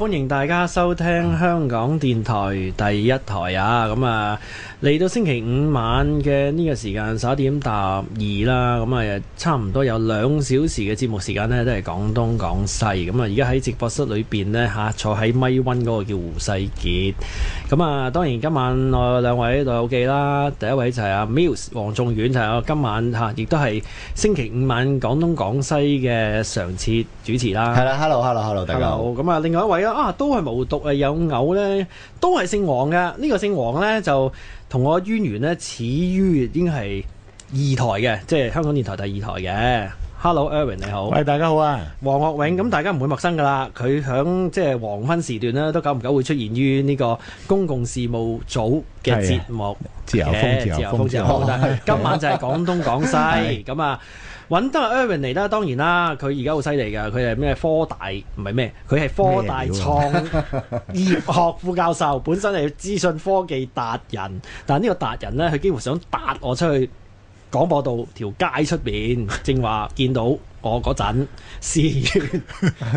歡迎大家收聽香港電台第一台呀，咁啊～嚟到星期五晚嘅呢個時間十一點踏二啦，咁啊差唔多有兩小時嘅節目時間呢，都係廣東廣西。咁啊，而家喺直播室裏邊呢，嚇，坐喺咪温嗰個叫胡世傑。咁啊，當然今晚我兩位老友記啦，第一位就係阿 Miles 黃仲遠，就係、我今晚嚇，亦都係星期五晚廣東,廣,東廣西嘅常設主持啦。係啦，hello hello hello，, hello 大家好。咁啊，另外一位啊，都係無獨啊，有偶呢，都係姓黃嘅。呢、這個姓黃呢，就～同我淵源呢，始於已經係二台嘅，即係香港電台第二台嘅。Hello，Erwin 你好。喂，大家好啊，黃岳永咁大家唔會陌生㗎啦。佢響即係黃昏時段咧，都久唔久會出現於呢個公共事務組嘅節目。自由風自由風自由風。自由風哦、今晚就係廣東， 廣東廣西咁的啊！揾得阿 Erwin 嚟啦，當然啦，佢而家好犀利㗎，佢係咩科大，唔係咩，佢係科大創業學副教授，本身係資訊科技達人，但呢個達人呢，佢幾乎想搭我出去。廣播道條街出邊，正話見到我嗰陣，先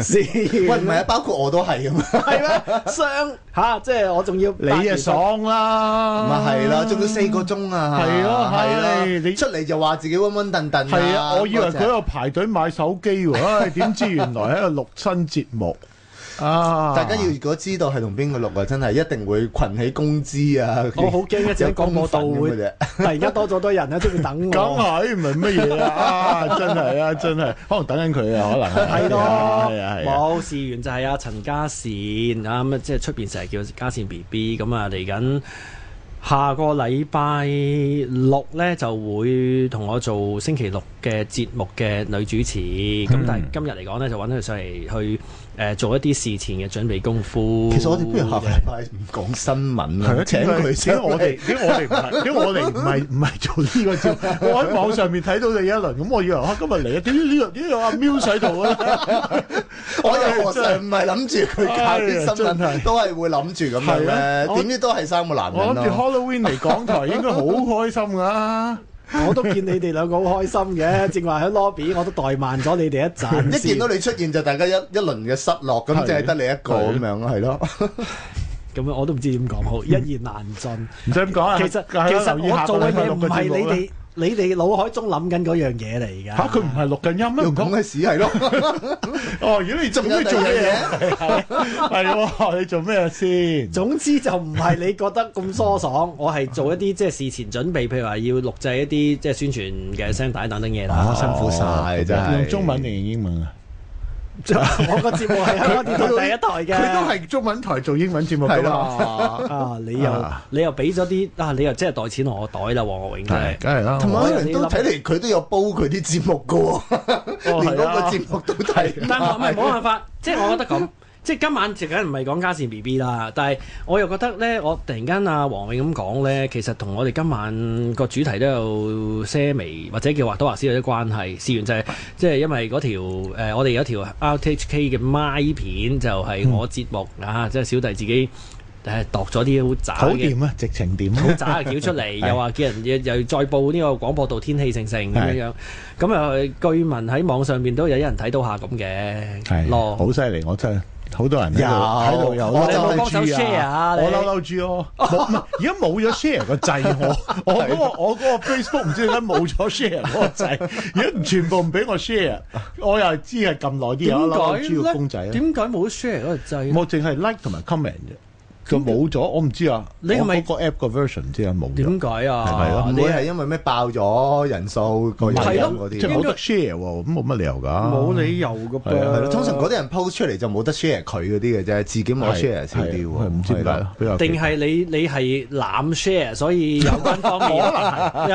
先 喂唔係啊，包括我都係啊，係嘛，雙吓，即係我仲要你啊，爽啦，咁啊係啦，仲、啊、要四個鐘啊，係咯係啦，啊啊啊、你出嚟就話自己溫溫頓頓，係啊，我以為佢喺度排隊買手機喎，唉，點知原來喺度錄親節目。啊！大家要如果知道係同邊個錄啊，真係一定會群起攻之啊！我好驚一陣講我到會突然，但係而家多咗多人咧，出邊等我。梗係唔係乜嘢啊？真係啊，真係，可能等緊佢啊，可能係咯，冇事完就係阿陳嘉倩啊咁啊，即係出邊成日叫嘉倩 B B 咁、嗯、啊，嚟緊下，下個禮拜六咧就會同我做星期六。嘅節目嘅女主持，咁但係今日嚟講呢，就搵佢上嚟去誒做一啲事前嘅準備功夫。其實我哋不如下禮拜唔講新聞啦，請佢先。我哋，因為我哋唔係，因為我哋唔係唔係做呢個節目。我喺網上面睇到你一輪，咁我以為啊，今日嚟啊，點知呢個阿 Miu 喺度啦。我又唔係諗住佢搞啲新聞都係會諗住咁嘅。點知都係三個男人。我諗住 Halloween 嚟港台應該好開心㗎。 我都見你哋兩個好開心嘅，正話喺 lobby 我都怠慢咗你哋一陣。 一見到你出現就大家一一輪嘅失落，咁即係得你一個咁的樣，係咯。咁 我都唔知點講好，一言難盡。唔使咁講啊，其實 其實，其實我做嘅嘢唔係你哋。 你哋腦海中諗緊嗰樣嘢嚟㗎？吓、啊？佢唔係錄緊音咩？講嘅事係咯。 哦，如果你做咩做嘢？係你做咩先？ 總之就唔係你覺得咁疏爽。 我係做一啲即係事前準備，譬如話要錄製一啲即係宣傳嘅聲帶等等嘢、啊。辛苦晒！哦、真的用中文定用英文啊？ 我個節目係香港電視第一台嘅，佢都係中文台做英文節目噶嘛。 啊，你又你又俾咗啲啊，你又即係袋錢我袋啦，黃國榮。梗係啦。同埋有都睇嚟，佢都有煲佢啲節目噶喎， 哦、連嗰個節目都睇的。 但係冇辦法？ 即係我覺得咁。即係今晚直緊唔係講家事 B B 啦，但係我又覺得咧，我突然間阿、啊、黃永咁講咧，其實同我哋今晚個主題都有些微或者叫或多或少有啲關係。事源就係、是、即係因為嗰條、呃、我哋有條 R T H K 嘅麥片就係、是、我節目啊，即係小弟自己誒度咗啲好渣嘅。好掂啊！直情掂好渣啊！叫出嚟 是的 又話叫人又再報呢個廣播道天氣成成咁樣樣。咁啊是的，據聞喺網上面都有人一人睇到下咁嘅，係咯。好犀利！我真係。好多人喺度有，有我就幫你 share 啊！我嬲嬲豬咯，而家冇咗 share 個掣，我我嗰個 Facebook 唔知點解冇咗 share 個掣！而家 全部唔俾我 share，我又知係撳耐啲啊！我嬲嬲豬公仔，點解冇咗 share 個掣？我淨係 like 同埋 comment 啫。佢冇咗，我唔知啊。你係咪個 app 個 version 即係冇咗？點解啊？係咪咯？你係因為咩爆咗人數個人即係冇得 share 喎，咁冇乜理由㗎？冇理由㗎噃。係咯，通常嗰啲人 post 出嚟就冇得 share 佢嗰啲嘅啫，自己冇 share 先啲喎。唔知點解。定係你你係濫 share，所以有關方面，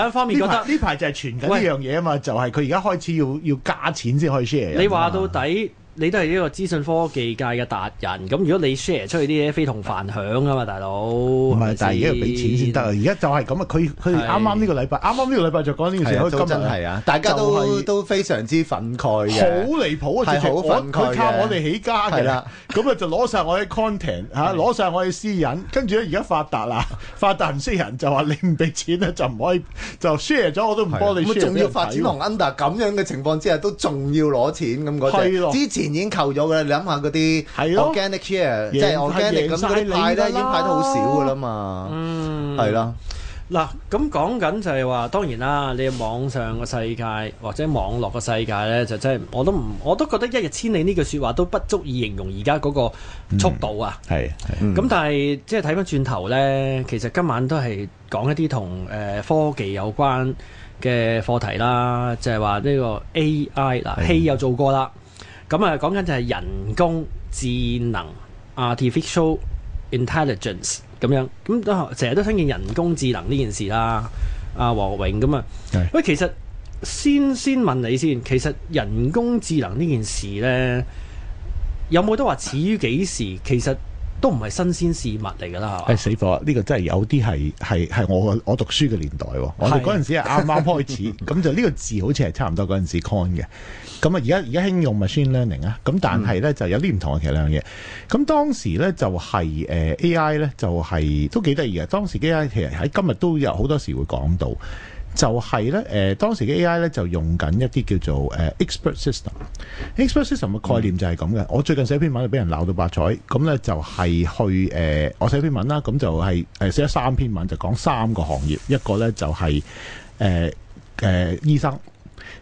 有一方面覺得呢排就係傳緊呢樣嘢啊嘛，就係佢而家開始要要加錢先可以 share。你話到底？你都係呢個資訊科技界嘅達人，咁如果你 share 出去啲嘢非同凡響啊嘛，大佬唔係，但係而家要俾錢先得啊！而家就係咁啊，佢佢啱啱呢個禮拜，啱啱呢個禮拜就講呢件事，好真係啊！大家都都非常之憤慨嘅，好離譜啊！好憤慨，佢靠我哋起家嘅，咁啊就攞晒我啲 content 嚇，攞晒我啲私隱，跟住咧而家發達啦，發達唔識人就話你唔俾錢啊，就唔可以就 share 咗我都唔幫你 share 仲要發展同 under 咁樣嘅情況之下都仲要攞錢咁嗰之前。已經求咗嘅啦，你諗下嗰啲 organic share，即係 organic 咁啲派咧，已經派得好少嘅啦嘛，嗯，係啦。嗱，咁講緊就係話，當然啦，你網上嘅世界或者網絡嘅世界咧，就真、是、係我都唔我都覺得一日千里呢句説話都不足以形容而家嗰個速度啊。係、嗯，咁、嗯、但係即係睇翻轉頭咧，其實今晚都係講一啲同誒科技有關嘅課題啦，就係話呢個 AI 嗱、嗯，希又做過啦。咁啊，講緊就係人工智能 （Artificial Intelligence） 咁樣，咁成日都聽見人工智能呢件事啦。阿黃永，咁啊，喂，的其實先先問你先，其實人工智能呢件事呢，有冇得話始於幾時？其實。都唔係新鮮事物嚟㗎啦，係、哎、死火，呢、這個真係有啲係係係我我讀書嘅年代，的我哋嗰陣時係啱啱開始，咁 就呢個字好似係差唔多嗰陣時 coin 嘅，咁啊而家而家興用 machine learning 啊，咁但係咧就有啲唔同嘅，其實兩樣嘢，咁當時咧就係、是、誒、呃、AI 咧就係、是、都幾得意嘅，當時 AI 其實喺今日都有好多時會講到。就係、是、咧，誒、呃、當時嘅 AI 咧就用緊一啲叫做誒 Expert System。Expert System 嘅概念就係咁嘅。嗯、我最近寫篇文就俾人鬧到百彩，咁咧就係、是、去誒、呃，我寫篇文啦，咁就係誒寫咗三篇文，就講、是、三個行業，一個咧就係誒誒醫生。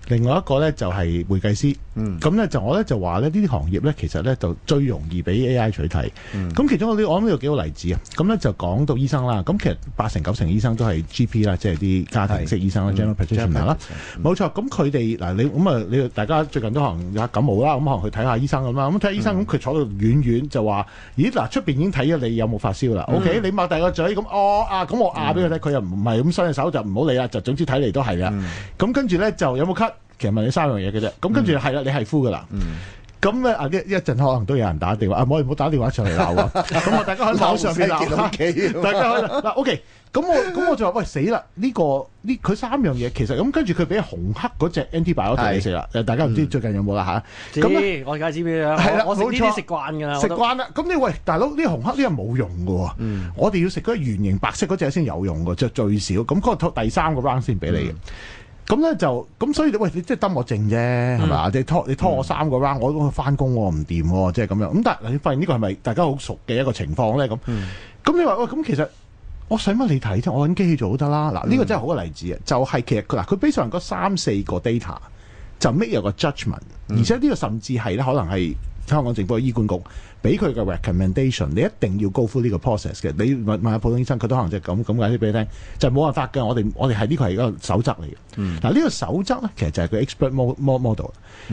另外一個咧就係會計師，咁咧、嗯、就我咧就話咧呢啲行業咧其實咧就最容易俾 AI 取替，咁、嗯、其中嗰啲我諗有幾好例子啊！咁咧就講到醫生啦，咁其實八成九成醫生都係 GP 啦，即係啲家庭式醫生啦是，general practitioner 啦，冇錯。咁佢哋嗱你咁啊你大家最近都可能有感冒啦，咁可能去睇下醫生咁啦，咁睇下醫生咁佢、嗯、坐到遠遠就話：咦嗱出邊已經睇咗你有冇發燒啦、嗯、？OK，你擘大個嘴咁哦啊咁我嗌俾佢睇，佢又唔係咁伸隻手就唔好理啦，就總之睇嚟都係啊！咁、嗯嗯、跟住咧就有冇？其實問你三樣嘢嘅啫，咁跟住係啦，你係敷噶啦。咁咧一一陣可能都有人打電話，啊唔好打電話上嚟鬧啊！咁我大家喺網上面鬧吓，大家嗱 OK。咁我咁我就話喂死啦！呢個呢佢三樣嘢其實咁跟住佢俾紅黑嗰隻 NTB 我同你食啦。大家唔知最近有冇啦吓。咁我而家知唔知啊？係啦，冇錯，食慣噶啦，食慣啦。咁呢喂大佬呢紅黑呢係冇用噶。嗯，我哋要食嗰個圓形白色嗰隻先有用噶，就最少。咁嗰個第三個 round 先俾你嘅。咁咧就咁所以你喂你即係得我剩啫，係嘛、嗯？你拖你拖我三個 round，我都翻工我唔掂喎，即係咁樣。咁、嗯 嗯嗯、但係你發現呢個係咪大家好熟嘅一個情況咧？咁咁你話喂，咁其實我使乜你睇啫？我揾機器做都得啦。嗱、嗯，呢個真係好嘅例子啊！就係、是、其實嗱，佢非常嗰三四個 data 就 make 有個 judgment 而且呢個甚至係咧可能係。香港政府嘅醫管局俾佢嘅 recommendation，你一定要 go through 呢個 process 嘅。你問下普通醫生，佢都可能就係咁咁解釋俾你聽，就冇辦法嘅。我哋我哋係呢個係一個守則嚟嘅。嗱，呢個守則咧，其實就係佢 expert model。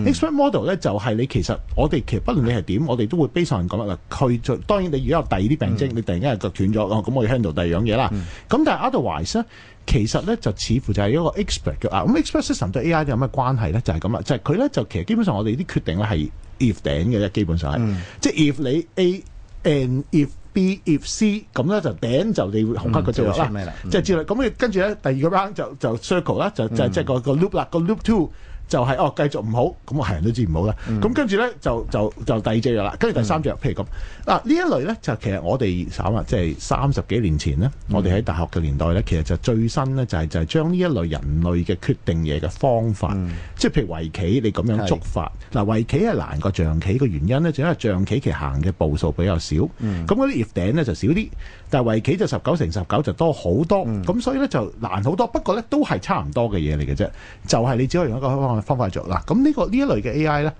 expert model 咧就係你其實我哋其實，不論你係點，我哋都會 basic 上咁樣講啦。佢，當然你如果有第二啲病徵，你突然間腳斷咗，咁我哋 handle 第二樣嘢啦。咁但係 otherwise 咧，其實咧就似乎就係一個 expert 嘅啊。咁 expert 咧，係對 A. I. 有咩關係咧？就係咁啦，就係佢咧就其實基本上我哋啲決定咧係。if 頂嘅咧基本上係，即係 if 你 A and if B if C 咁咧就 then 就你紅黑嘅策略啦，即係策略。咁你跟住咧第二個 round 就就 circle 啦，就就即係個個 loop 啦，個 loop two。就係、是、哦，繼續唔好，咁我係人都知唔好啦。咁、嗯、跟住咧就就就第二隻藥啦，跟住第三隻藥，嗯、譬如咁嗱，呢一類咧就其實我哋諗啊，即係三十幾年前咧，嗯、我哋喺大學嘅年代咧，其實就最新咧就係、是、就係、是、將呢一類人類嘅決定嘢嘅方法，嗯、即係譬如圍棋你咁樣捉法，嗱是、啊、圍棋係難過象棋嘅原因咧，就因為象棋其實行嘅步數比較少，咁嗰啲葉頂咧就少啲，但係圍棋就十九乘十九就多好多，咁、嗯、所以咧就難好多。不過咧都係差唔多嘅嘢嚟嘅啫，就係、是、你只可以用一個方法。方法做嗱，咁呢個呢一類嘅 AI 咧，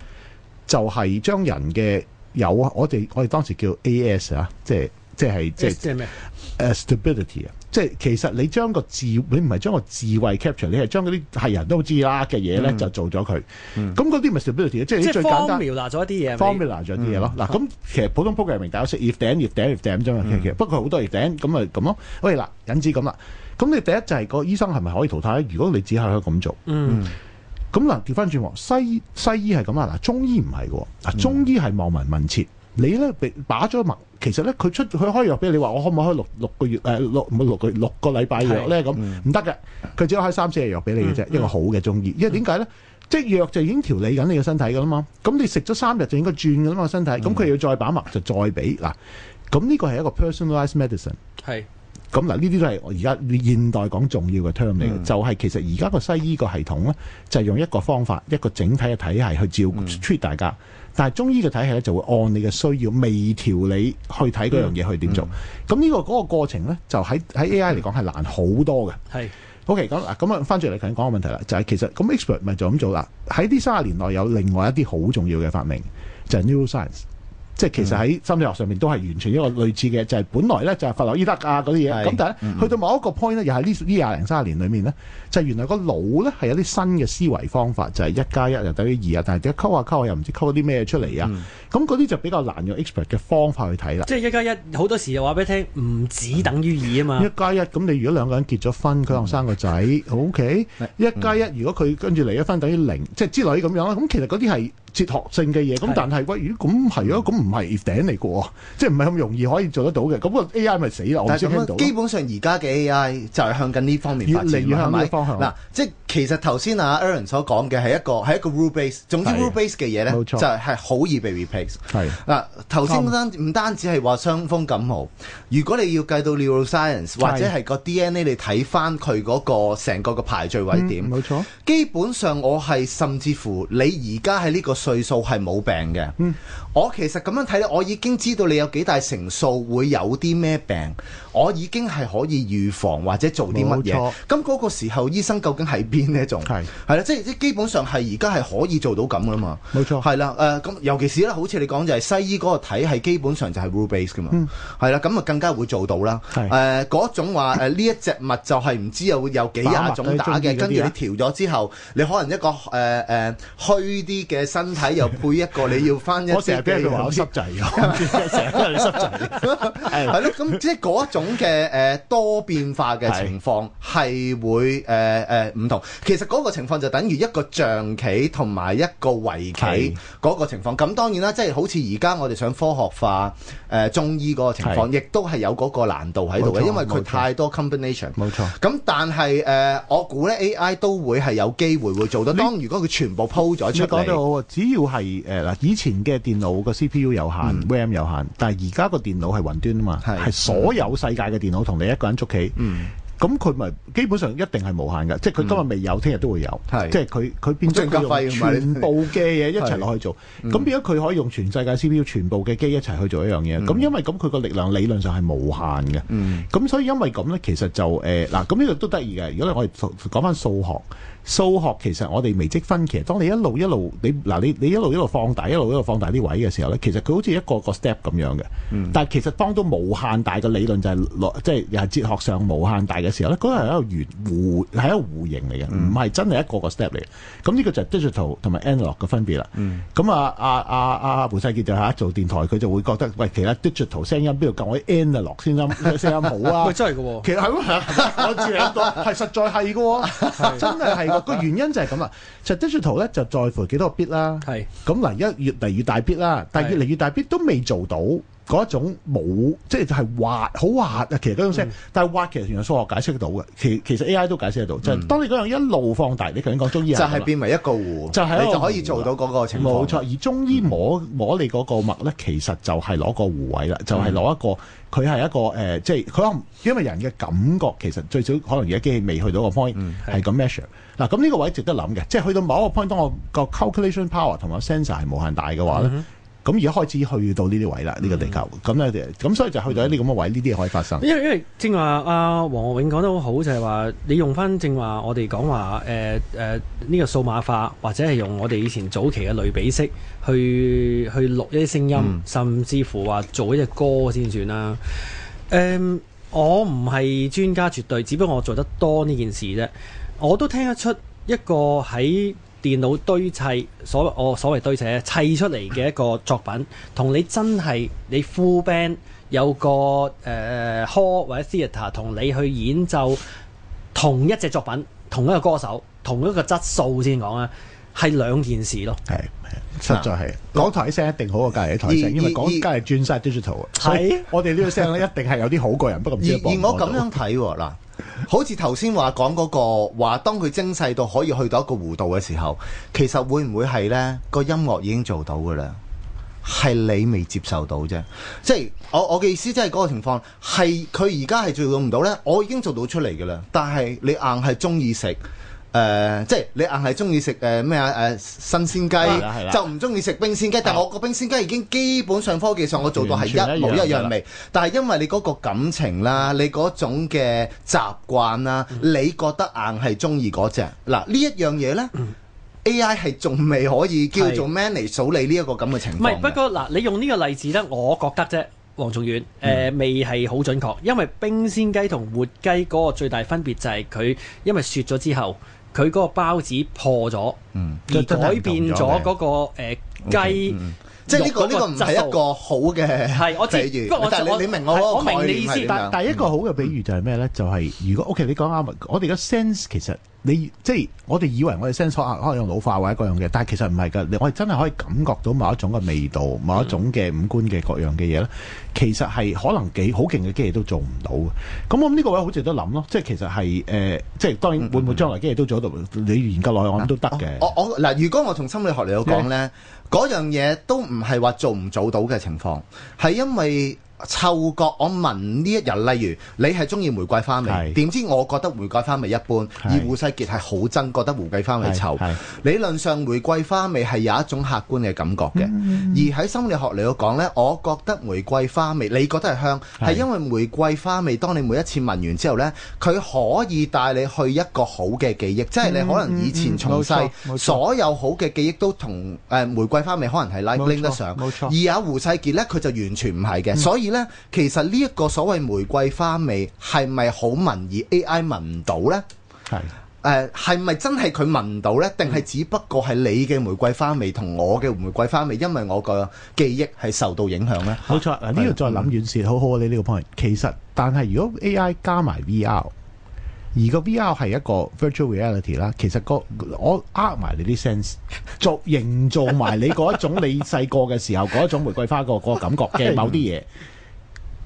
就係將人嘅有我哋我哋當時叫 AS 啊，即係即係即即咩？Stability 啊，即係其實你將個智你唔係將個智慧 capture，你係將嗰啲係人都知啦嘅嘢咧就做咗佢。咁嗰啲咪 stability，即係最簡單描述，咗一啲嘢，formulate，咗啲嘢咯。嗱，咁其實普通 programming 大家識，if then if then if then 啫嘛。其實其實不過好多 if then 咁咪咁咯。喂嗱，引致咁啦，咁你第一就係個醫生係咪可以淘汰？如果你只係可以咁做，嗯。咁嗱，調翻轉西西醫係咁啊，嗱，中醫唔係嘅，嗱、嗯，中醫係望聞問切。你咧，把咗脈，其實咧佢出佢開藥俾你，話我可唔可以開六六個月誒、呃、六六個六個禮拜藥咧？咁唔得嘅，佢樣、嗯、只有開三四日藥俾你嘅啫。嗯嗯、一個好嘅中醫，因為點解咧？呢嗯、即係藥就已經調理緊你嘅身體噶啦嘛。咁你食咗三日就應該轉噶啦嘛，身體。咁佢、嗯、要再把脈就再俾嗱。咁、啊、呢個係一個 personalized medicine 係是。咁嗱，呢啲都係我而家現代講重要嘅 term 嚟嘅，就係其實而家個西醫個系統咧，就係用一個方法、一個整體嘅體系去照 treat、mm. 大家。但係中醫嘅體系咧，就會按你嘅需要微調理去睇嗰樣嘢去點做。咁呢、mm. 這個嗰、那個過程咧，就喺喺 AI 嚟講係難好多嘅。係、mm.，OK，咁嗱，咁啊，翻轉嚟講，頭先講個問題啦，就係、是、其實咁 expert 咪就咁做啦。喺呢三十年內有另外一啲好重要嘅發明，就係、是、neuroscience。即係其實喺心理學上面都係完全一個類似嘅，就係、是、本來咧就係弗洛伊德啊嗰啲嘢，咁但係去到某一個 point 咧，又係呢呢廿零三十年裏面咧，就係、是、原來個腦咧係有啲新嘅思維方法，就係一加一又等於二啊，但係點樣溝下溝下又唔知溝咗啲咩出嚟啊，咁嗰啲就比較難用 expert 嘅方法去睇啦。即係一加一好多時又話俾你聽，唔止等於二啊嘛。一加一咁，你如果兩個人結咗婚，佢又生個仔，OK。一加一如果佢跟住嚟一分等於零，即係之類咁樣啦。咁其實嗰啲係。哲學性嘅嘢，咁但係喂，咦如果咁係啊？咁唔係頂嚟嘅喎，即係唔係咁容易可以做得到嘅。咁個 A I 咪死啦！我先聽到。基本上而家嘅 A I 就係向緊呢方面發展，係咪方向？嗱，即係其實頭先阿 Aaron 所講嘅係一個係一個 rule base，總之 rule base 嘅嘢咧，就係係好易被 replace。嗱，頭先唔單止係話傷風感冒，如果你要計到 neuroscience 的或者係個 DNA，你睇翻佢嗰個成個嘅排序位點，冇、嗯、錯。基本上我係甚至乎你而家喺呢個。歲數係冇病嘅，我其實咁樣睇咧，我已經知道你有幾大成數會有啲咩病，我已經係可以預防或者做啲乜嘢。咁嗰個時候，醫生究竟喺邊一種？仲係係啦，即係即基本上係而家係可以做到咁噶嘛。冇錯，係啦。誒咁，尤其是咧，好似你講就係西醫嗰個睇係基本上就係 rule base 噶嘛。係啦，咁啊更加會做到啦。誒嗰種話呢一隻物就係唔知又有幾廿種打嘅，跟住你調咗之後，你可能一個誒誒虛啲嘅身。睇 又配一個，你要翻一個。 我成日俾佢搞濕滯㗎，成日俾佢濕滯。係咯， 咁即係嗰種嘅誒、呃、多變化嘅情況係會誒誒唔同。其實嗰個情況就等於一個象棋同埋一個圍棋嗰個情況。咁當然啦，即係好似而家我哋想科學化誒、呃、中醫嗰個情況，亦都係有嗰個難度喺度嘅，因為佢太多 combination 沒錯。冇錯。咁但係誒，我估咧 AI 都會係有機會會做到。當如果佢全部鋪咗出嚟，.主要係誒嗱，以前嘅電腦個 CPU 有限、嗯、RAM 有限，但係而家個電腦係雲端啊嘛，係是所有世界嘅電腦同你一個人捉棋，咁佢咪基本上一定係無限嘅，嗯、即係佢今日未有，聽日都會有，是即係佢佢變全部嘅嘢一齊落去做，咁變咗佢可以用全世界 CPU 全部嘅機一齊去做一樣嘢，咁、嗯、因為咁佢個力量理論上係無限嘅，咁、嗯、所以因為咁呢，其實就誒嗱，咁、呃、呢個都得意嘅。如果我哋講翻數學。數學其實我哋微積分，其實當你一路一路你嗱你你一路一路放大一路一路放大啲位嘅時候咧，其實佢好似一個個 step 咁樣嘅。但係其實當到無限大嘅理論就係即係又係哲學上無限大嘅時候咧，嗰個係一個圓弧係一個弧形嚟嘅，唔係真係一個個 step 嚟嘅。咁呢個就係 digital 同埋 analog 嘅分別啦。嗯。咁啊啊啊啊胡世傑就一做電台，佢就會覺得喂，其實 digital 聲音邊度夠我 analog 先 e 聲音嘅音好啊？喂，真係嘅喎，其實係我知係實在係嘅喎，真係係。個、哦、原因就係咁啦，就 d a 圖咧，就在乎幾多個 bit 啦。係是，咁嗱、嗯，而家越嚟越大 bit 啦，是但係越嚟越大 bit 都未做到。嗰一種冇，即係就係滑，好滑啊！其實嗰種聲，嗯、但係滑其實原來數學解釋得到嘅，其其實 AI 都解釋得到，嗯、就係當你嗰樣一路放大，你究竟講中醫就係變為一個弧，就係你就可以做到嗰個情況。冇錯，而中醫摸摸你嗰個脈咧，其實就係攞個弧位啦，就係、是、攞一個，佢係、嗯、一個誒、呃，即係佢因為人嘅感覺，其實最少可能而家機器未去到個 point，係咁、嗯、measure。嗱、嗯，咁呢個位值得諗嘅，即係去到某一個 point，當我個 calculation power 同埋 sensor 係無限大嘅話咧。嗯嗯咁而家開始去到呢啲位啦，呢、這個地球咁咧，咁、嗯、所以就去到一啲咁嘅位，呢啲嘢可以發生。因為因為正話阿黃岳永講得好，好，就係、是、話你用翻正話我哋講話誒誒呢個數碼化，或者係用我哋以前早期嘅類比式去去錄一啲聲音，嗯、甚至乎話做一隻歌先算啦。誒、呃，我唔係專家，絕對，只不過我做得多呢件事啫，我都聽得出一個喺。電腦堆砌所我所謂堆砌砌出嚟嘅一個作品，同你真係你 full band 有個誒 hall 或者 theater 同你去演奏同一隻作品，同一個歌手，同一個質素先講啊，係兩件事咯。係，實在係港台啲聲一定好過隔離啲台聲，因為港而家係轉晒 digital 啊。係，我哋呢個聲咧一定係有啲好過人，不過唔知有冇。而我咁樣睇喎嗱。好似頭先話講嗰個話，當佢精細到可以去到一個弧度嘅時候，其實會唔會係呢個音樂已經做到噶啦？係你未接受到啫，即係我我嘅意思，即係嗰個情況係佢而家係做到唔到呢，我已經做到出嚟噶啦，但係你硬係中意食。誒、呃，即係你硬係中意食誒咩啊？誒、呃呃、新鮮雞、啊啊、就唔中意食冰鮮雞。但我個冰鮮雞已經基本上科技上我做到係一模一樣味樣但係因為你嗰個感情啦，嗯、你嗰種嘅習慣啦、啊，你覺得硬係中意嗰隻。嗱呢一樣嘢呢 AI 係仲未可以叫做 manage 處理呢一個咁嘅情況不，不過嗱，你用呢個例子呢，我覺得啫，黃仲遠誒、呃、未係好準確，因為冰鮮雞同活雞嗰個最大分別就係佢因為雪咗之後。佢嗰個包子破咗，嗯、而改變咗嗰、嗰個誒、嗯呃、雞。Okay, um, um. 即係呢個呢個唔係一個好嘅，係我知。不過我你你明我嗰個概念係咩？但係一個好嘅比喻就係咩咧？就係如果 OK，你講啱我哋嘅 sense 其實你即係我哋以為我哋 sense 可能用老化或者各樣嘅，但係其實唔係㗎。我哋真係可以感覺到某一種嘅味道、某一種嘅五官嘅各樣嘅嘢咧。其實係可能幾好勁嘅機器都做唔到嘅。咁我諗呢個位好似都諗咯。即係其實係誒，即係當然會唔會將來機器都做到？你研究落去我諗都得嘅。我我嗱，如果我從心理學嚟講咧，嗰樣嘢都。唔係話做唔做到嘅情況，係因為。嗅覺，我聞呢一日，例如你係中意玫瑰花味，點知我覺得玫瑰花味一般，而胡世傑係好憎覺得玫瑰花味臭。理論上玫瑰花味係有一種客觀嘅感覺嘅，而喺心理學嚟講呢，我覺得玫瑰花味，你覺得係香，係因為玫瑰花味，當你每一次聞完之後呢，佢可以帶你去一個好嘅記憶，即係你可能以前從細所有好嘅記憶都同誒玫瑰花味可能係拉 i 得上，而阿胡世傑呢，佢就完全唔係嘅，所以。其實呢一個所謂玫瑰花味是是，係咪好聞而 AI 聞唔到呢？係係咪真係佢聞唔到呢？定係只不過係你嘅玫瑰花味同我嘅玫瑰花味，因為我個記憶係受到影響呢？冇、啊、錯，啊呢度的再諗遠視，嗯、好好你呢個 point，其實但係如果 AI 加埋 VR，而個 VR 係一個 virtual reality 啦，其實、個我呃埋你啲 sense，做營造埋你嗰一種 你細個嘅時候嗰一種玫瑰花個個感覺嘅某啲嘢。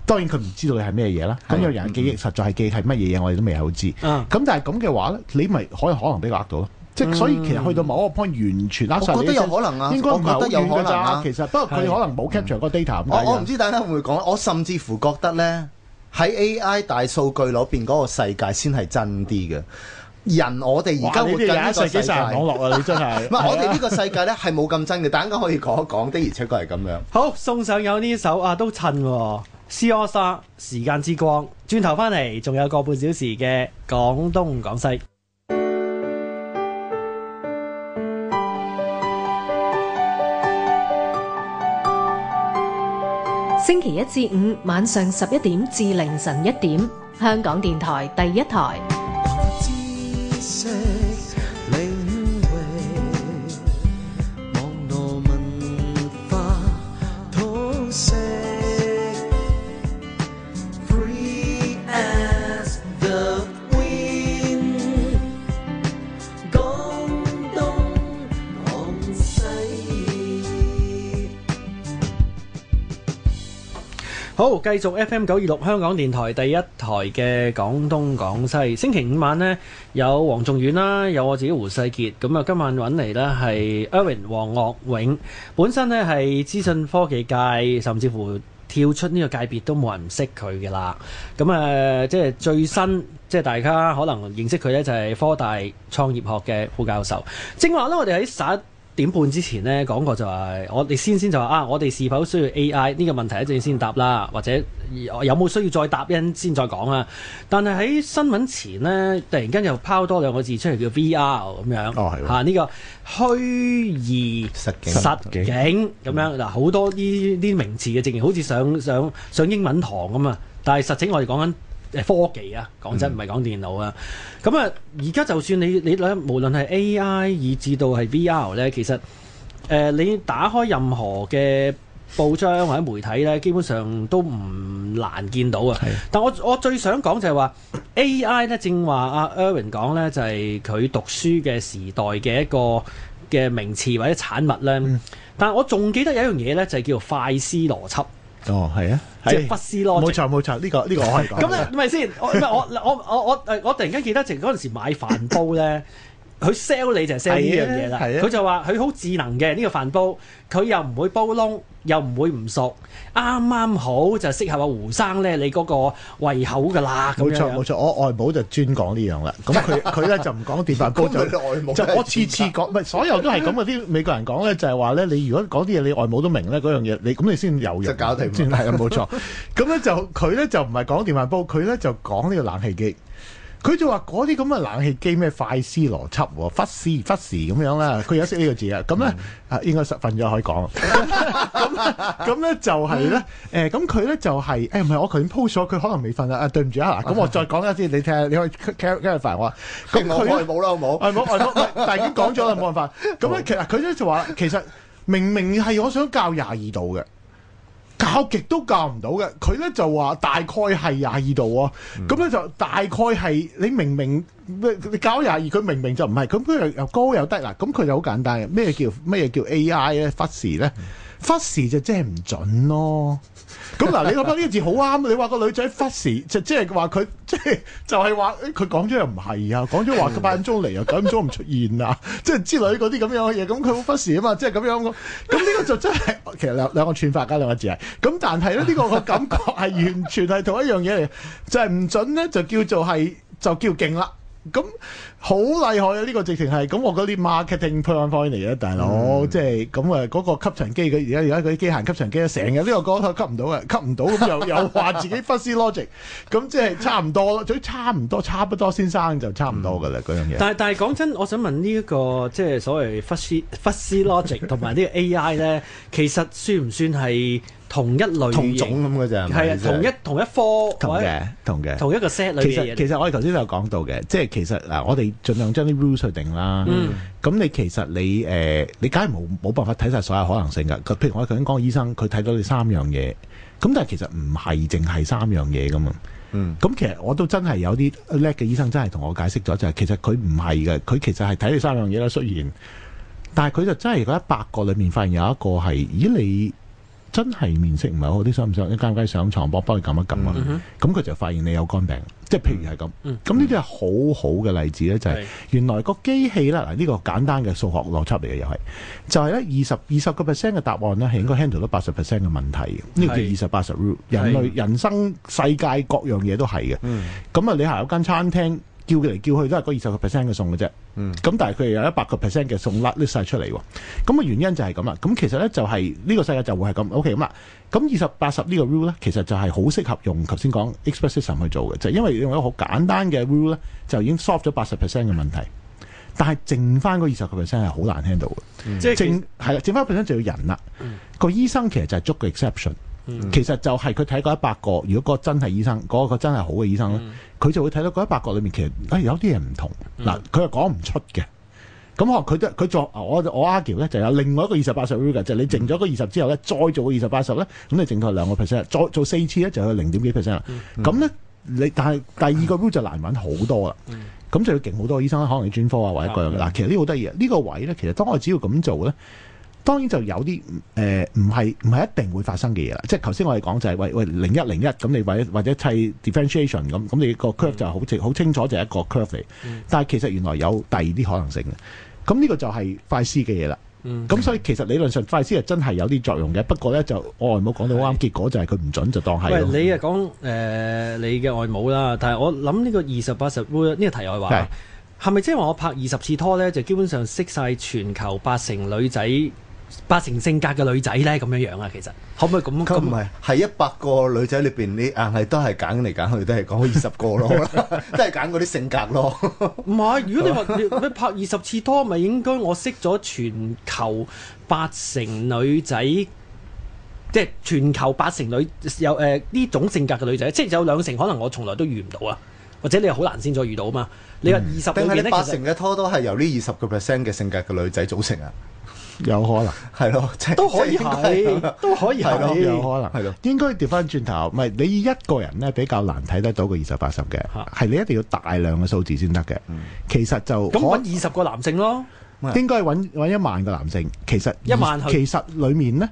當然佢唔知道你係咩嘢啦。咁有人記憶實在係記係乜嘢嘢，我哋都未有知。咁但係咁嘅話咧，你咪可有可能俾佢呃到咯？即係所以其實去到某一 point 完全，我覺得有可能啊，應該覺得有可能啊。其實不過佢可能冇 capture 個 data。我唔知大家會唔會講，我甚至乎覺得咧喺 A I 大數據裏面嗰個世界先係真啲嘅人。我哋而家活緊呢個世界啊，你真係我哋呢個世界咧係冇咁真嘅。大家可以講一講的，而且確係咁樣。好送上有呢首啊，都襯喎。COSA 時間之光，轉頭翻嚟，仲有個半小時嘅廣東廣西。星期一至五晚上十一點至凌晨一點，香港電台第一台。好，繼續 FM 九二六香港電台第一台嘅廣東廣西。星期五晚呢，有黃仲遠啦，有我自己胡世傑。咁啊，今晚揾嚟呢係 Erwin 黃岳永，本身呢係資訊科技界，甚至乎跳出呢個界別都冇人唔識佢嘅啦。咁啊、呃，即係最新，即係大家可能認識佢呢就係、是、科大創業學嘅副教授。正話呢，我哋喺點半之前呢，講過就係、是，我哋先先就話啊，我哋是否需要 AI 呢個問題一陣先答啦，或者有冇需要再答因先再講啊？但係喺新聞前呢，突然間又拋多兩個字出嚟叫 VR 咁樣，嚇呢、哦啊呢個虛擬實境，實境咁樣嗱好多呢啲名詞嘅，竟然好似上上上英文堂咁啊！但係實情我哋講緊。誒科技啊，講真唔係講電腦啊。咁啊，而家就算你你睇，無論係 AI 以至到係 VR 咧，其實誒、呃、你打開任何嘅報章或者媒體咧，基本上都唔難見到啊。是的 但我我最想講就係話 AI 咧，正話阿 Erwin 講咧，就係、是、佢讀書嘅時代嘅一個嘅名詞或者產物咧。嗯、但係我仲記得有一樣嘢咧，就係叫做快思邏輯。哦，係啊，即係是不思咯，冇錯冇錯，呢、 這個呢、這個我可以講，咁咧， 係咪先？唔我我我我，我突然間記得，就嗰陣時買飯煲咧。 佢 sell 你就 sell 呢樣嘢啦，佢就話佢好智能嘅呢個飯煲，佢又唔會煲窿，又唔會唔熟，啱啱好就適合阿胡生咧你嗰個胃口噶啦。冇錯冇錯，我外母就專講呢樣啦。咁佢佢咧就唔講電飯煲 就外母就我次次講唔係，所有都係講嗰啲美國人講咧，就係話咧你如果講啲嘢你外母都明咧嗰樣嘢，你咁你先有用。就搞掂先係啊，冇錯。咁咧就佢咧就唔係講電飯煲，佢咧就講呢個冷氣機。佢就話嗰啲咁嘅冷氣機咩快思邏輯，忽思忽時咁樣啦。佢而家識呢個字嘅，咁咧啊應該瞓咗可以講。咁 咧就係、是、咧，誒咁佢咧就係誒唔係我頭先 post 咗，佢可能未瞓啊。對唔住啊，咁我再講一啲， 你睇下你可以 care, care, care。 我，咁佢冇啦好冇。係冇係冇，但已經講咗啦冇辦法。咁咧 其實佢咧就話其實明明係我想校廿二度嘅。教極都教唔到嘅，佢咧就話大概係廿二度啊、哦。咁咧、嗯、就大概係你明明咩你教廿二，佢明明就唔係咁，佢又又高又低嗱。咁佢就好簡單嘅咩叫咩叫 AI 咧？忽時咧，嗯、忽時就即係唔準咯。咁嗱， 你覺得呢個字好啱？你話個女仔忽、就係就係就係欸、說說時就即係話佢即係就係話，佢講咗又唔係啊，講咗話八點鐘嚟啊，九點鐘唔出現啊，即係之類嗰啲咁樣嘅嘢，咁佢好忽時啊嘛，即係咁樣個，咁呢個就真係其實兩兩個串法㗎兩個字係，咁但係咧呢個個感覺係完全係同一樣嘢嚟，就係、係、唔準咧就叫做係就叫勁啦。咁好厲害啊！呢個直情係咁，我覺得 marketing planning 嚟啊，大佬，即係咁啊，嗰個吸塵機，佢而家而家嗰啲機械吸塵機咧，成日呢個歌吸唔到嘅，吸唔到咁又又話自己 fuzzy logic，咁 即係差唔多，總之差唔多，差不多先生就差唔多噶啦，嗰樣嘢、嗯。但係但係講真，我想問呢、這、一個即係所謂 fuzzy fuzzy logic 同埋呢個 AI 咧，其實算唔算係？同一類同種咁嘅啫，係啊，同一同一科同嘅，同嘅，同一個 set 類。其實其實我哋頭先都有講到嘅，即係其實嗱，我哋盡量將啲 rules 去定啦。咁、嗯、你其實你誒、呃，你梗係冇冇辦法睇晒所有可能性㗎。譬如我頭先講嘅醫生，佢睇到你三樣嘢。咁但係其實唔係淨係三樣嘢㗎嘛。嗯。咁其實我都真係有啲叻嘅醫生，真係同我解釋咗就係、是、其實佢唔係嘅，佢其實係睇你三樣嘢啦。雖然，但係佢就真係一百個裏面發現有一個係咦你。真係面色唔係好，你想唔想？你介唔介上床，幫幫佢撳一撳啊？咁佢、mm hmm. 就發現你有肝病，即係譬如係咁。咁呢啲係好好嘅例子咧，就係、是、原來個機器啦。嗱，呢個簡單嘅數學邏輯嚟嘅又係，就係咧二十二十個 percent 嘅答案咧，係應該 handle 到八十 percent 嘅問題。呢、mm hmm. 個叫二十八十 rule。人類人生世界各樣嘢都係嘅。咁啊、mm，hmm. 你行有間餐廳。叫佢嚟叫去都係嗰二十個 percent 嘅送嘅啫，咁但係佢有一百個 percent 嘅送甩甩晒出嚟喎，咁個原因就係咁啦。咁其實咧就係呢個世界就會係咁。O.K. 咁啦，咁二十八十呢個 rule 咧，其實就係好適合用頭先講 expression 去做嘅，就係、因為用一個好簡單嘅 rule 咧，就已經 solve 咗八十 percent 嘅問題，但係剩翻嗰二十個 percent 係好難聽到嘅，即、嗯、剩係啦，嗯、剩翻嗰 percent 就要人啦，嗯、個醫生其實就係捉個 exception。其實就係佢睇過一百個，如果個真係醫生，嗰、那個、個真係好嘅醫生咧，佢、嗯、就會睇到嗰一百個裏面其實，哎、有啲嘢唔同，嗱佢係講唔出嘅。咁我佢都佢作我我阿喬咧就有另外一個二十八十嘅，就係、是、你剩咗嗰二十之後咧、嗯，再做個二十八十咧，咁你剩多兩個 percent，再做四次咧就去零點幾 percent 啦。咁咧你但係第二個 view 就難揾好多啦。咁、嗯、就要勁好多嘅醫生，可能你專科啊或者個樣嗱，嗯嗯、其實呢好得意啊。呢、這個位咧，其實當我只要咁做咧。當然就有啲誒唔係唔係一定會發生嘅嘢啦，即係頭先我哋講就係喂，喂零一零一，咁你或者或者砌 differentiation 咁，咁你個 curve 就好清好清楚、嗯、就係一個 curve 嚟，嗯、但係其實原來有第二啲可能性嘅，咁呢個就係快思嘅嘢啦。咁、嗯、所以其實理論上快思係真係有啲作用嘅，嗯、不過呢，就我外母講到啱，是結果就係佢唔準就當係。喂，你係講誒你嘅外母啦，但係我諗呢個二十八十 rule 呢個題外話係咪即係話我拍二十次拖呢？就基本上識晒全球八成女仔？八成性格嘅女仔咧，咁樣樣啊，其實可唔可以咁？咁唔係係一百個女仔裏邊，你硬係都係揀嚟揀去，都係講二十個咯， 都係揀嗰啲性格咯。唔係，如果你話 你拍二十次拖，咪應該我識咗全球八成女仔，即係全球八成女有誒呢種性格嘅女仔，即係有兩成可能我從來都遇唔到啊，或者你好難先再遇到啊嘛。你話二十，但係你八成嘅拖都係由呢二十個 percent 嘅性格嘅女仔組成啊。有可能，係咯，都可以係，都可以係咯，有可能，係咯，應該調翻轉頭，唔係你一個人咧比較難睇得到個二十八十嘅，係你一定要大量嘅數字先得嘅。其實就咁揾二十個男性咯，應該揾揾一萬個男性，其實一萬其實裡面咧。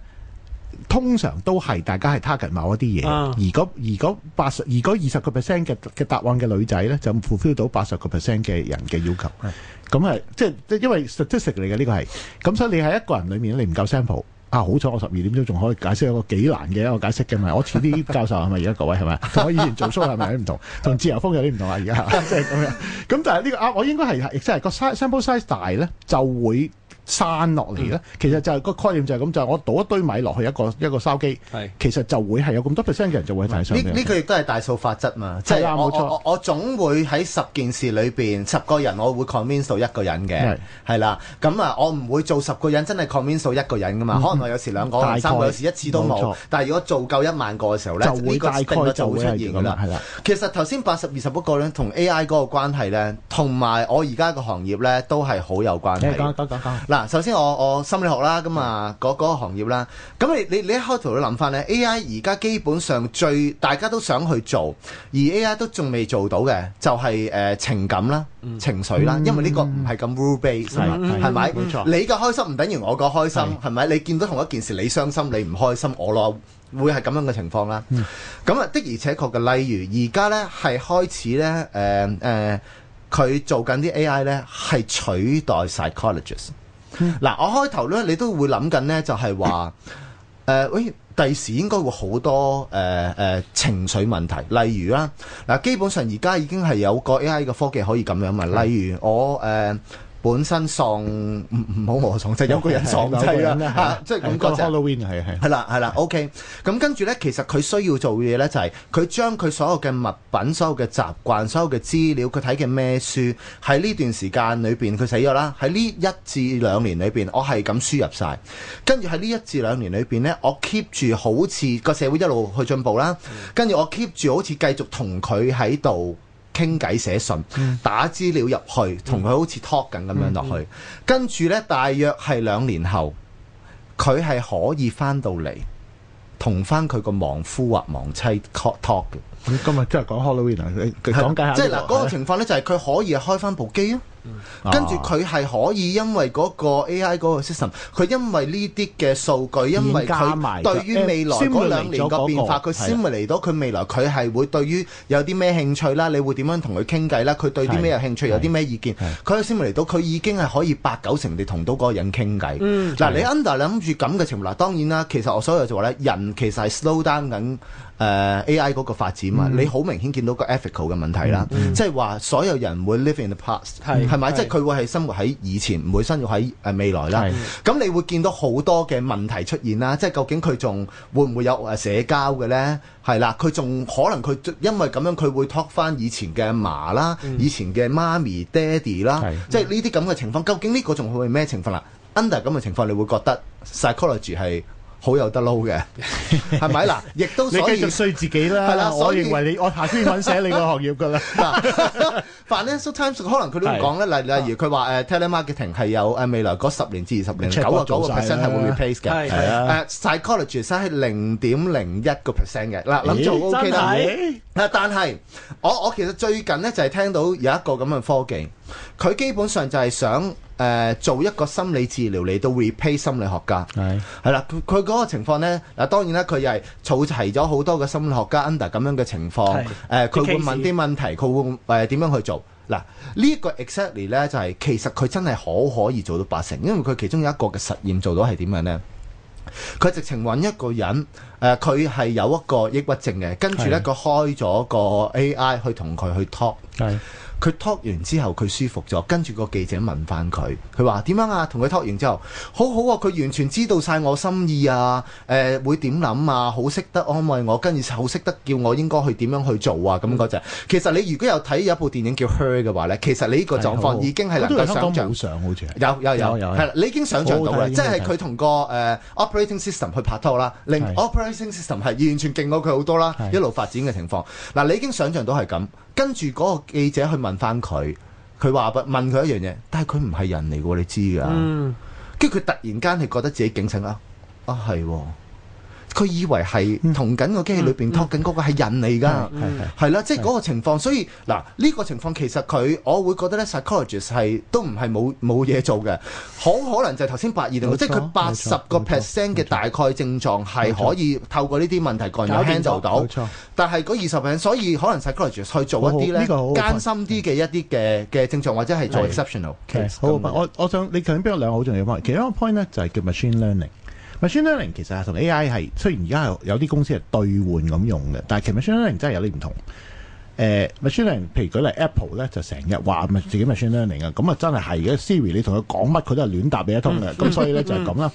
通常都係大家係 target 某一啲嘢、uh.，而嗰而嗰八十而嗰二十個 percent 嘅嘅答案嘅女仔咧，就 fulfill 到八十個 percent 嘅人嘅要求。咁係、uh. 即係即係因為 statistic 嚟嘅呢個係，咁所以你喺一個人裡面你唔夠 sample。啊，好彩我十二點鐘仲可以解釋一個幾難嘅一個解釋嘅咪，我遲啲教授係咪而家各位係咪？同我以前做 show 係咪有啲唔同？同 自由風有啲唔同啊！而家即係咁樣。咁但係呢個啊，我應該係係即係個 sample size 大咧，就會。散落嚟咧，其實就係個概念就係咁，就係我倒一堆米落去一個一個筲箕，其實就會係有咁多 percent 嘅人就會喺台上。呢呢個亦都係大數法則嘛，即係我我我總會喺十件事裏邊十個人，我會 convince 到一個人嘅，係啦。咁啊，我唔會做十個人真係 convince 到一個人噶嘛。可能我有時兩個、三個有時一次都冇。但係如果做夠一萬個嘅時候咧，呢個大概就會出現咁啦。係啦。其實頭先八十二十個咧，同 AI 嗰個關係咧，同埋我而家個行業呢，都係好有關。得嗱，首先我我心理學啦，咁啊，嗰嗰個行業啦，咁你你你一開頭你諗翻咧，A.I. 而家基本上最大家都想去做，而 A.I. 都仲未做到嘅，就係誒情感啦、情緒啦，因為呢個唔係咁 rule base，係咪？冇錯，你個開心唔等於我個開心，係咪？你見到同一件事，你傷心你唔開心，我咯會係咁樣嘅情況啦。咁啊，的而且確嘅，例如而家咧係開始咧，誒誒，佢做緊啲 A.I. 咧係取代 psychologist。嗱、啊，我開頭咧，你都會諗緊咧，就係、是、話，誒、呃，喂，第時應該會好多誒誒、呃呃、情緒問題，例如啦，嗱，基本上而家已經係有個 AI 嘅科技可以咁樣嘛，例如我誒。呃本身喪唔唔好話喪，就係有個人喪即係咁講。Halloween 係係係啦係啦，OK。咁跟住呢，其實佢需要做嘅嘢呢，就係佢將佢所有嘅物品、所有嘅習慣、所有嘅資料，佢睇嘅咩書，喺呢段時間裏邊佢死咗啦。喺呢一至兩年裏邊，我係咁輸入晒。跟住喺呢一至兩年裏邊呢，我 keep 住好似個社會一路去進步啦。跟住我 keep 住好似繼續同佢喺度。傾偈，寫信，嗯、打資料入去，同佢好似 talk 緊咁樣落去。跟住、嗯嗯、呢，大約係兩年後，佢係可以翻到嚟同翻佢個亡夫或亡妻 talk talk 嘅、嗯。今日真係講 Halloween 佢、啊、佢是講解下、呢個、即係嗱嗰個情況呢，就係佢可以開翻部機啊。的嗯、跟住佢係可以，因為嗰個 AI 嗰個 system，佢因為呢啲嘅數據，因為佢對於未來嗰兩年嘅變化，佢先會嚟到佢未來佢係會對於有啲咩興趣啦，你會點樣同佢傾偈啦？佢對啲咩有興趣，有啲咩意見，佢先會嚟到。佢已經係可以八九成地同到嗰個人傾偈。嗱、嗯，你 under 諗住咁嘅情況，嗱當然啦。其實我所有就話咧，人其實係 slow down 緊。誒、uh, AI 嗰個發展啊，嗯、你好明顯見到個 ethical 嘅問題啦，嗯嗯、即係話所有人會 live in the past，係係咪？吧是即係佢會係生活喺以前，唔會生活喺誒未來啦。咁、嗯、你會見到好多嘅問題出現啦，即係究竟佢仲會唔會有誒社交嘅咧？係啦，佢仲可能佢因為咁樣佢會 talk 翻以前嘅嫲啦，嗯、以前嘅媽咪、爹哋啦，嗯、即係呢啲咁嘅情況。究竟呢個仲會係咩情況啊？Under 咁嘅情況，你會覺得 psychology 係？好有得撈嘅，係咪嗱？亦都所以衰自己啦。係啦，我認為你我下邊揾寫你個行業㗎啦。嗱，But sometimes 可能佢都會講咧，例例如佢話誒，telemarketing 係有誒未來嗰十年至二十年，九個九個 percent 係會 replace 嘅。係啊。誒，psychology 係零點零一個 percent 嘅。嗱，諗就 O K 啦。嗱，但係我我其實最近咧就係聽到有一個咁嘅科技，佢基本上就係想。誒、呃、做一個心理治療嚟到 replace 心理學家，係係啦，佢佢嗰個情況呢，嗱，當然啦，佢又係儲齊咗好多嘅心理學家 under 咁樣嘅情況，誒佢會問啲問題，佢會誒點、呃、樣去做嗱？呢一、這個 exactly 呢，就係、是、其實佢真係好可，可以做到八成，因為佢其中有一個嘅實驗做到係點樣呢？佢直情揾一個人，誒佢係有一個抑鬱症嘅，跟住呢，佢開咗個 AI 去同佢去 talk 的。佢 talk 完之後，佢舒服咗。跟住個記者問翻佢，佢話點樣啊？同佢 talk 完之後，好好啊，佢完全知道晒我心意啊！誒、呃，會點諗啊？好識得安慰我，跟住好識得叫我應該去點樣去做啊！咁嗰隻，其實你如果有睇有一部電影叫 Her 嘅話呢，其實你呢個狀況好好已經係能夠想像，都都都冇上好似，有有有有，係啦的，你已經想像到嘅，即係佢同個誒、uh, operating system 去拍拖啦，令 operating system 係完全勁過佢好多啦，的的一路發展嘅情況。嗱，你已經想像到係咁。跟住嗰個記者去問翻佢，佢話問佢一樣嘢，但係佢唔係人嚟嘅喎，你知㗎。嗯。跟住佢突然間係覺得自己警醒啦，啊，係喎。啊。佢以為係同緊個機器裏邊託緊嗰個係人嚟㗎，係啦，即係嗰個情況。所以，嗱，呢個情況其實佢，我會覺得咧 psychologist 係都唔係冇冇嘢做嘅，好可能就係頭先八二定律，即係佢八十個 percent 嘅大概症狀係可以透過呢啲問題講輕就到，但係嗰二十 percent，所以可能 psychologist 去做一啲咧艱辛啲嘅一啲嘅嘅症狀或者係做 exceptional case。好，我我想你講邊有兩個好重要 point，其中一個 point 呢，就係叫 machine learning。Machine Learning 其實係同 AI 係，雖然而家係有啲公司係兌換咁用嘅，但係其實 Machine Learning 真係有啲唔同。呃、Machine Learning，譬如舉例 Apple 咧，就成日話咪自己 Machine Learning 嘅，咁啊真係係嘅 Siri，你同佢講乜佢都係亂答你一通嘅，咁 所以咧就係咁啦。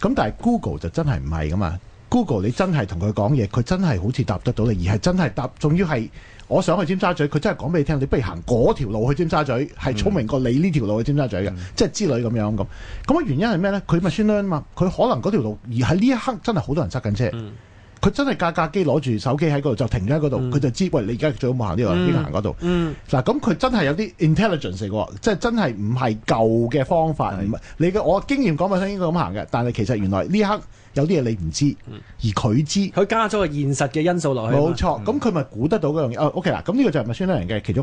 咁但係 Google 就真係唔係噶嘛，Google 你真係同佢講嘢，佢真係好似答得到你，而係真係答，仲要係。我想去尖沙咀，佢真係講俾你聽，你不如行嗰條路去尖沙咀，係聰明過你呢條路去尖沙咀嘅，嗯、即係之類咁樣咁。咁嘅原因係咩咧？佢咪先啦嘛，佢可能嗰條路而喺呢一刻真係好多人塞緊車，佢、嗯、真係架架機攞住手機喺嗰度就停咗喺嗰度，佢、嗯、就知喂你而家最好冇行呢度，嗯、應該行嗰度。嗱咁佢真係有啲 intelligence 喎，即係真係唔係舊嘅方法，唔、嗯、你嘅我經驗講話聲應該咁行嘅，但係其實原來呢一刻。有啲嘢你唔知，而佢知，佢加咗個現實嘅因素落去。冇錯錯，咁佢咪估得到嗰樣嘢。哦、嗯啊，OK 啦，咁呢個就係麥先生嘅其中一個。